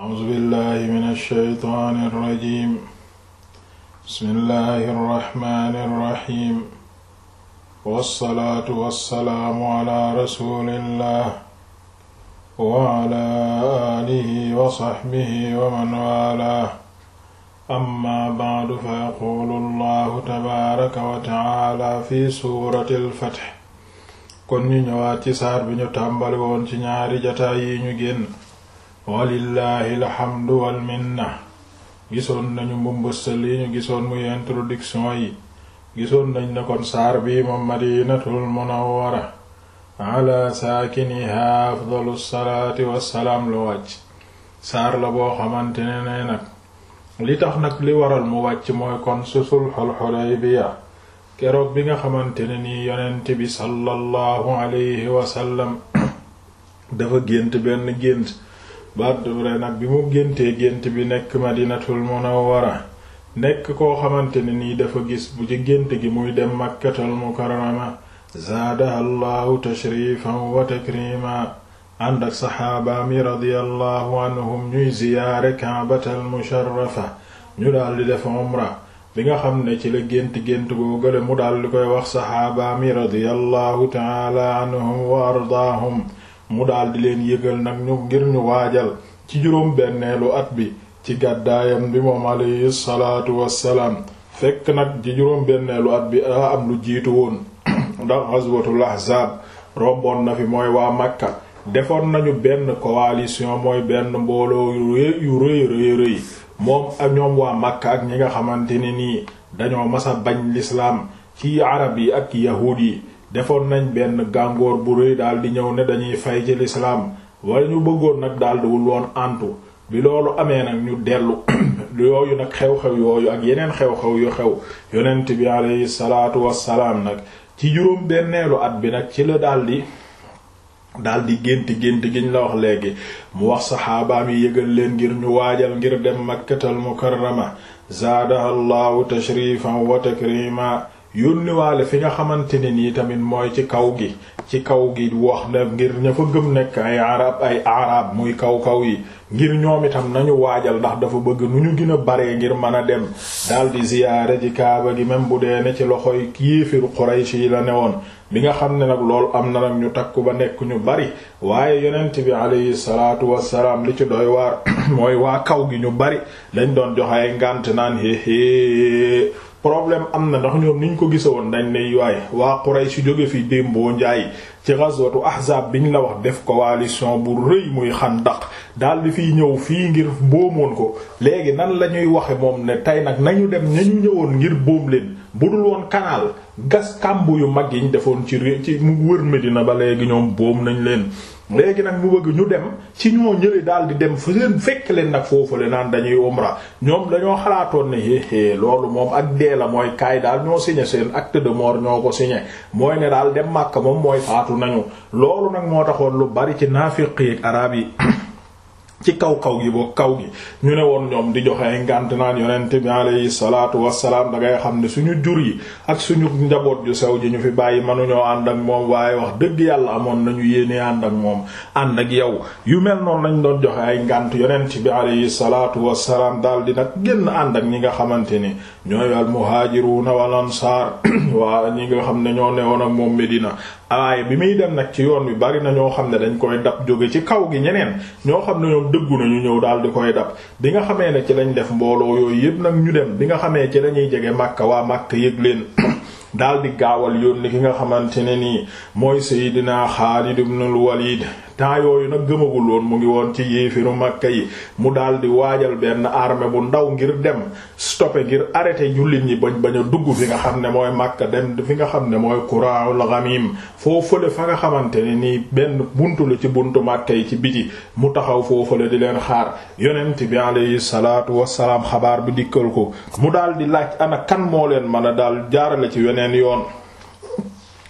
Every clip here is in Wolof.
أعوذ بالله من الشيطان الرجيم بسم الله الرحمن الرحيم والصلاة والسلام على رسول الله وعلى آله وصحبه ومن والاه أما بعد فيقول الله تبارك وتعالى في سورة الفتح kon ñu ñëwaat ci saar bi ñu tàmbali woon ci ñaari jataay yi ñu génn walillahi alhamdu wal minna gisoon nañu mbumbustal yi ñu gisoon muy introduction yi gisoon nañ ne kon saar bi moom madinatul munawwara ala saakiniha afdalu salaati wassalaam lu wàcc saar la boo xamante ne nag li tax nag li waral mu wàcc mooy kon su sulxul xudaybiya keroog bi nga xamante ne nii yonent bi sallallahu alayhi wasallam dafa gént benn gént badure nag bi mu géntee gént bi nekk madinatul munawwara nekk koo xamante ne nii dafa gis bu ci gént gi muy dem makkatal mukarrama zaadaha allahu tashrifan wa takrima ànd ak saxaabaam yi radiyallahu anhum ñuy ziyaare kaabatal musharrafa ñu daldi def umra bi nga xam ne ci la gént-gént googale mu daldi koy wax saxaabaam yi radiyallahu taala anhum wa ardaahum mu daldi leen yëgal nag ñu ngir ñu waajal ci juróom benneelu at bi ci gàddaayam bi moom alayhi wassalaam fekk nag ci juróom benneelu at bi daa am lu jiitu woon ndax ghazwatul ahzaab romboon na fi mooy waa Makka defoon nañu benn coalition mooy benn mbooloo yu rëy rëy rëy moom ak ñoom waa Makka ak ñi nga xamante ne nii dañoo masa bañ lislaam ci arab yi ak yahuud yi defoon nañ benn gàngoor bu rëy daal di ñëw ne dañuy fay ci lislaam wala ñu bëggoon nag daal di wul woon antu bi loolu amee nag ñu dellu yooyu nag xew-xew yooyu ak yeneen xew-xew yu xew yonent bi aleyhi salaatu wassalaam nag ci juróom benneelu at bi nag ci la daldi daldi gént gént giñ la wax léegi mu wax saxaabaam yi yëgal leen ngir ñu waajal ngir dem makkatal mukarrama zaadaha allahu tashrifan wa takrima yónniwaale fi nga xamante ne nii tamit mooy ci kaw gi ci kaw gi wax na ngir ña fa gëm nekk ay arab ay arab muy kaw kaw yi ngir ñoom itam nañu waajal ndax dafa bëgg nu ñu gën a baree ngir mën a dem daldi ziyaare ji kaaba gi même bu dee ne ci loxoy yéefiru Quraysh yi la woon bi nga xam ne nag loolu am na nag ñu takku ba nekk ñu bari waaye yonent bi alayhi salaatu wassalaam li ci doy waar mooy waa kaw gi ñu bari lañ doon jox ay ngànt naan héehée problème am na ndax ñoom niñ ko gisawoon dañ ne waay waa su jóge fi démboo njaay ci ghazwatu bi ñu la wax def coalition bu rëy muy xandaq daal di fiy ñëw fii ngir boomoon ko léegi nan la ñuy waxe moom ne tey nag nañu dem nañu ñëwoon ngir boom leen budul woon kanaal gas kàmbu yu mag yi ñu defoon ci ci mu wër Medina ba léegi ñoom boom nañ leen léegi nag mu bëgg ñu dem ci ñoo ñële daal di dem fa leen fekk leen nag foofu le naan dañuy umra ñoom dañoo xalaatoon ne éé loolu moom ak dee la mooy kaay daal ñoo signé seen acte de mort ñoo ko signé mooy ne daal dem Makka moom mooy faatu nañu loolu nag moo taxoon lu bari ci naafiq yi araab yi ci kaw kaw gi boo kaw gi ñu ne woon ñoom di joxe ay ngànt naan yonent bi alayhi salaatu wassalaam da ngay xam ne suñu jur yi ak suñu njaboot yu sew ji ñu fi bàyyi mënuñoo ànd ak moom waaye wax dëgg yàlla amoon na ñu yéenee ànd ak moom ànd ak yow yu mel noonu lañu doon joxe ay ngànt yonent bi alayhi salaatu wassalaam daal di nag génn ànd ak ñi nga xamante ni ñooy al na wal ansaar waa ñi nga xam ne ñoo newoon ak moom Medina waaye bi muy dem nag ci yoon wi bari na ñoo xam ne dañ koy dab jóge ci kaw gi ñeneen ñoo xam ne ñoom dëggu nañu ñëw daal di koy dab bi nga xamee ne ci lañ def mbooloo yooyu yëpp nag ñu dem bi nga xamee ci lañuy jege Makka waa Makka yëg leen daal di gaawal yónni ki nga xamante ne nii mooy Seydina Xaalid ibn al Walid temps yooyu nag gëmagul woon mu ngi woon ci yéefiru Makka yi mu dal di waajal benn armée bu ndaw ngir dem stoppé ngir arrêté jullit ñi bañ bañ a dugg fi nga xam ne mooy Makka dem fi nga xam ne mooy Qura'ul Ghamim foo fële fa nga xamante ni nii benn buntu la ci buntu Makka yi ci biti mu taxaw foo fële di leen xaar yonent bi alayhi salaatu wassalaam xabaar bi dikkal ko mu daal di laaj ana kan moo leen mën a daal jaarale ci weneen yoon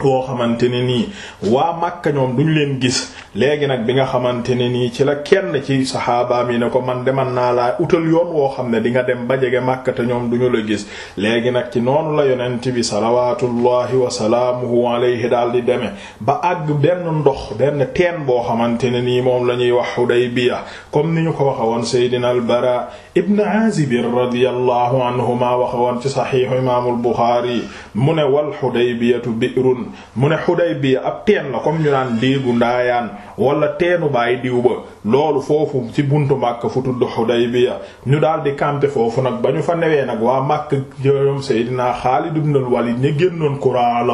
woo xamante ne nii waa Makka ñoom leen gis léegi nag bi nga xamante ne nii ci la kenn ci saxaabaam yi ne ko man deman naa laa utal yoon woo xam ne di nga dem ba jege Makka ñoom duñu la gis léegi nag ci noonu la yonent bi salawaatullahi wa salaamuhu alayhi daal di demee ba àgg benn ndox benn teen boo xamante ne nii moom la ñuy wax Hudaybiya comme ni ñu ko waxe woon Seydina al-Bara ibn Azib radiyallahu anhuma waxe woon ci saxiix imaamul Buxaari mu ne wal Hudaybiyatu bi'run mu ne Hudaybiya ab teen la comme ñu naan déegu ndaayaan wala teenu bàyyi diw ba loolu foofu ci buntu Makka fu tudd Hudaybiya ñu daal di campé foofu nag ba ñu fa newee nag waa Makka jëm Seydina Xaalid ibn al-Walid ñu génnoon Qura al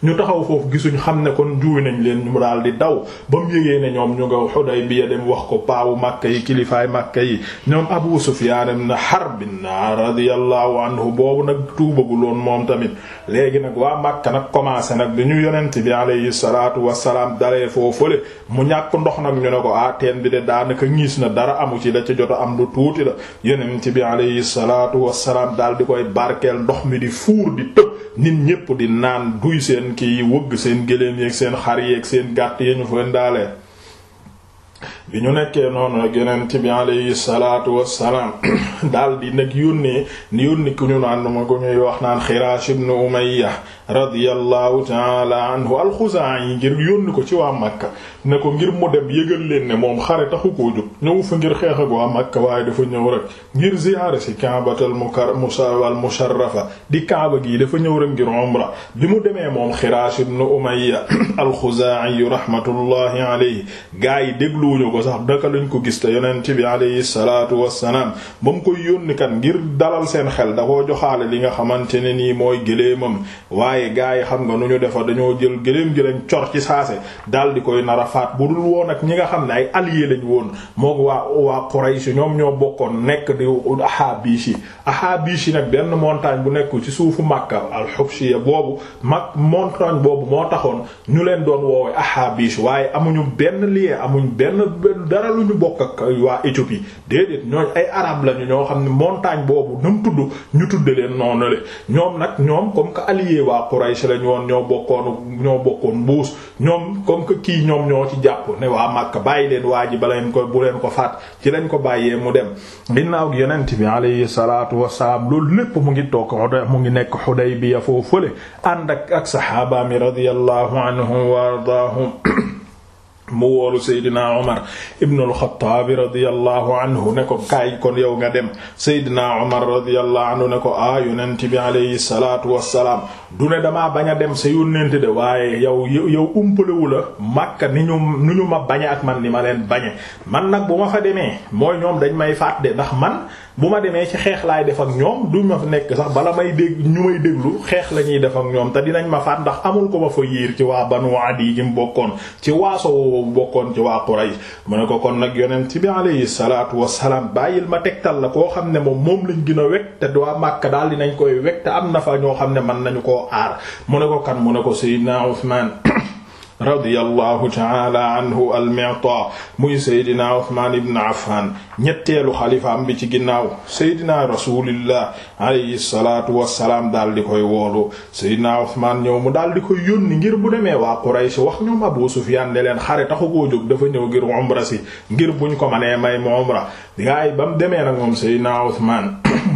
ñu taxaw foofu gisuñ xam ne kon juuy nañ leen ñu daal di daw ba mu ñoom ñu nga wax ko paawu Makka yi kilifaay Makka yi ñoom Abu Sufyaan ibn Harb radiyallahu anhu nag tuubagul woon moom tamit léegi nag waa Makka nag commencé nag bi ñu yonent bi alayhi salaatu wassalaam dalee foofule mu ñàkk ndox nag ñu ne ko ah teen bi de daanaka ñiis na dara amu ci la ca jot am lu tuuti la yonent bi alayhi salaatu wassalaam daal di koy barkeel ndox mi di fuur di tëb nit ñépp di naan duy seen kii wëgg seen gëléem yeeg seen xar yeeg seen gàtt yi ñu fa ndaalee bi ñu nekkee noonu nag yonent bi alayhi salaatu wassalaam daal di nag yónnee ni yónni ku ñu naan ma ñuy wax naan Xiraash ibn Umayya radiyallahu taala anhu al-Xuzaa'i ngir yónni ko ci waa Makka ne ko ngir mu dem yëgal leen ne moom xare taxu ko jóg ñëw fa ngir xeex ak waa Makka waaye dafa ñëw rek ngir ziyaara ci Kaabatul musharrafa di Kaaba gi dafa ñëw rek ngir umra bi mu demee moom Xiraash ibn Umayya al-Xuzaa'i rahmatullahi alayhi gaa yi dégluwuñu ko sax daka lañ ko gis te yonent bi alayhi salaatu wassalaam ba mu koy yónni kan ngir dalal seen xel da koo joxaale li nga xamante ne nii mooy gëléemam waaye gaa yi xam nga nu ñu defa dañoo jël gëléem gi lañ ci saase dal di koy nara faat bu dul woon ñi nga xam ne ay alliés lañ woon mook waa waa Quraysh ñoom ñoo bokkoon nekk di Ahaabish yi Ahaabish nag benn montagne bu nekkul ci suufu Makka al-Hubshiyya boobu mag montagne boobu moo taxoon ñu leen doon woowe Ahaabish waaye amuñu benn lien amuñ benn dara lu ñu bokk ak waa Éthiopie déedéet ñooñ ay arab lañu ñoo xam ne montagne boobu nu tudd ñu tudde leen noonu le ñoom nag ñoom comme que allié waa Quraysh lañu woon ñoo bokkoon ñoo bokkoon mbuus ñoom comme que kii ñoom ñoo ci jàpp ne waa leen ko faat ci lañ ko bàyyee mu dem ginnaaw gi yonent bi alayhi salaatu wassalaam loolu lépp mu ngi toog mu ngi nekk Xudaybiya foofu fële ànd ak ak saxaaba mi radiyallahu anhum wa ardaahum mu woolu Seydina Omar ibn al-Khattab radiyallahu anhu ne ko kaay kon yow nga dem Seydina Omar radiyallahu anhu ne ko a yonent bi alayhi salaatu wassalaam du ne damaa bañ a dem sa yónnent de waaye yow yow umpalewu la Makka ni ñu ni ñu ma bañe ak man ni ma leen bañe man nag bu ma fa demee mooy ñoom dañ may faat de ndax man bu ma demee ci xeex laay def ak ñoom ma fa nekk sax bala may dégg ñu déglu xeex la ñuy def ak te dinañ ma faat ndax amul ko ma fa yiir ci waa Banu Adi gi mu bokkoon ci waaso woowu bokkoon ci waa Quraysh mu ne ko kon nag yonent bi alayhi salaatu wassalaam bàyyil ma tegtal la koo xam ne moom moom lañ gën a wekk te waa Makka daal dinañ koy wekk te am na fa ñoo xam ne mën nañu ko ko aar mu ne ko kan mu ne ko Seydina Usmaan radiyallahu taala anhu al muy Seydina Usmaan ibn Affan ñetteelu xalifaam bi ci ginnaaw Seydina rasulillah alayhi salaatu wassalaam daal di koy woolu Seydina Usmaan ñëw mu daal di koy yónni ngir bu demee waa Quraysh wax ñoom Abu Sufyaan ne leen taxu koo dafa ñëw ngir umra si ngir buñ ko mane may mu umra gaay bam demee nag moom Seydina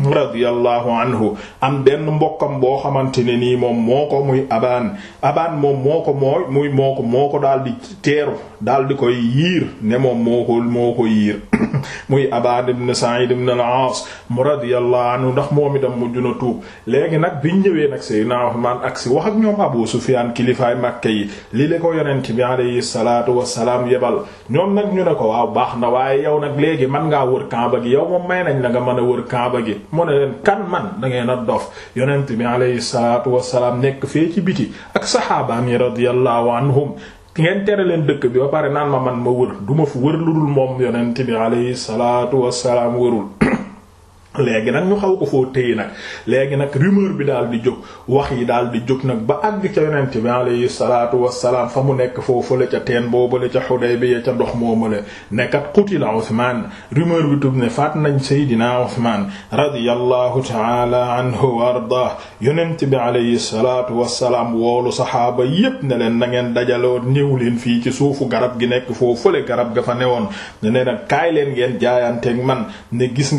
radiyallahu anhu am benn mbokkam boo xamante ne nii moom moo ko muy abaan abaan moom moo ko mooy muy moo ko moo ko daal di teeru daal di koy yiir ne moom moo ko moo ko yiir muy abaan ibn sa'id ibn al-aas mu radiyallahu anhu ndax moom itam mu na tuub léegi nag biñ ñëwee nag Seydina Usmaan ak si wax ak ñoom Abu Sufyaan kilifaay Makka yi li le ko yonent bi alayhi salaatu wassalaam yebal ñoom nag ñu ne ko waaw baax na waaye yow nag léegi man ngaa wër Kaaba gi yow moom may nañ la nga mën a wër Kaaba gi moo ne leen kan man da ngeen a dof yonent bi alayhi salaatu wassalaam nekk fee ci biti ak saxaabaam yi radiyallahu anhum ngeen tere leen dëkk bi ba pare naan ma man ma wër du ma fu wër lu dul moom yonent bi alayhi salaatu wassalaam wërul léegi nag ñu xaw ko foo téye nag léegi nag rumeur bi daal di jóg wax yi daal di jóg nag ba àgg ca yonent bi alayhi salaatu wassalaam fa mu nekk foofu le ca teen boobu la ca Xudaybiya ca ndox moomu la nekkat qutila Usmaan rumeur bi tub ne faat nañ Seydina Usmaan radiyallahu ta'ala anhu wa ardaah yonent bi alayhi salaatu wassalaam woolu saxaaba yépp ne leen na ngeen dajaloo néew leen fii ci suufu garab gi nekk foofu la garab ga fa ne woon kaay leen ngeen ne gis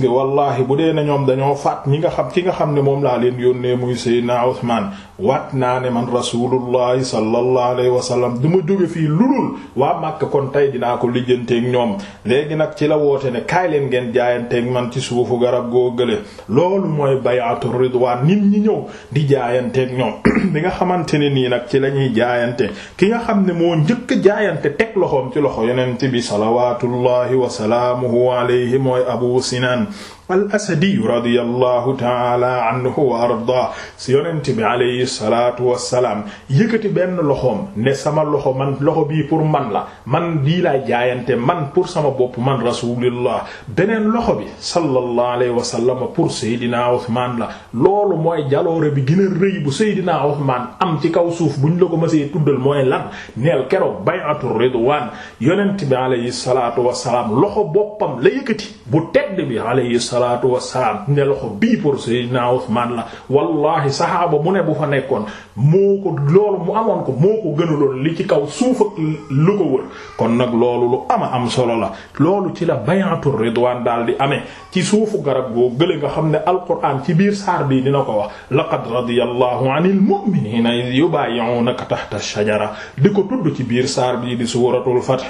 dee na ñoom dañoo faat ñi nga xam ki nga xam ne moom laa leen yónnee muy Seydina Usmaan waat naa ne man rasulullahi sallallahu alayhi wa sallam du ma jóge fii lulul waa Makka kon tey dinaa ko lijjanteeg ñoom léegi nag ci la woote ne kaay leen ngeen jaayanteeg man ci suufu garab goo gële loolu mooy bay'atu ridwaan nit ñi ñëw di jaayanteeg ñoom bi nga xamante ne nii nag ci la ñuy jaayante ki nga xam ne moo njëkk jaayante teg loxoom ci loxo yonent bi salawaatullahi wa salaamuhu alayhi mooy Abu Sinan al-Asadi radiyallahu ta'ala anhu wa ardaa si yonent bi alayhi salaatu wassalaam yëkkati benn loxoom ne sama loxo man loxo bii pour man la man bii laa jaayante man pour sama bopp man rasulillah beneen loxo bi sallallahu alayhi wa sallam pour Seydina Usmaan la loolu mooy jaloore bi gën a rëy bu Seydina Usmaan am ci kaw suuf buñ la ko mësee tuddal mooy lan neel keroog bay'atu ridwaan yonent bi alayhi salaatu wassalaam loxo boppam la yëkkati bu tedd bi alayhi salaatu wassalaam ne loxo bii pour Seydina Usmaan la wallahi saxaaba mu ne bu fa nekkoon moo ko loolu mu amoon ko moo ko gënaloon li ci kaw suuf ak lu ko wër kon nag loolu lu ama am solo la loolu ci la bayaatu ridwaan daal di amee ci suufu garab goo gële nga xam ne alquraan ci biir saar bii dina ko wax laqad radiyallahu anil mu'minina iz yubayyi'unaka tahta ash-shajara di ko tudd ci biir saar bii di suuratul fath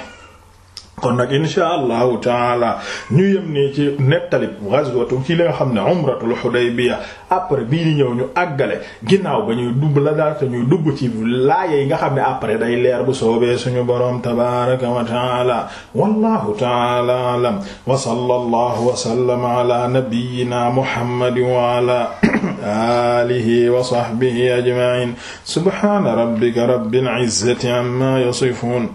kon nag insha allahu taala ñu yem nii ci nettali ghazwatu ci li nga xam ne umratul Hudaybiya après bii di ñëw ñu àggale ginnaaw ba ñuy dubb la daal te ñuy dubb ci laaya yi nga xam ne après day leer bu soobee suñu boroom tabaraka wa taala wallahu taala alam wa sallallahu wa sallama ala nabiyyina muhammadin wa ala alihi wa sahbihi ajma'in subhana rabbika rabbil izzati amma yasifun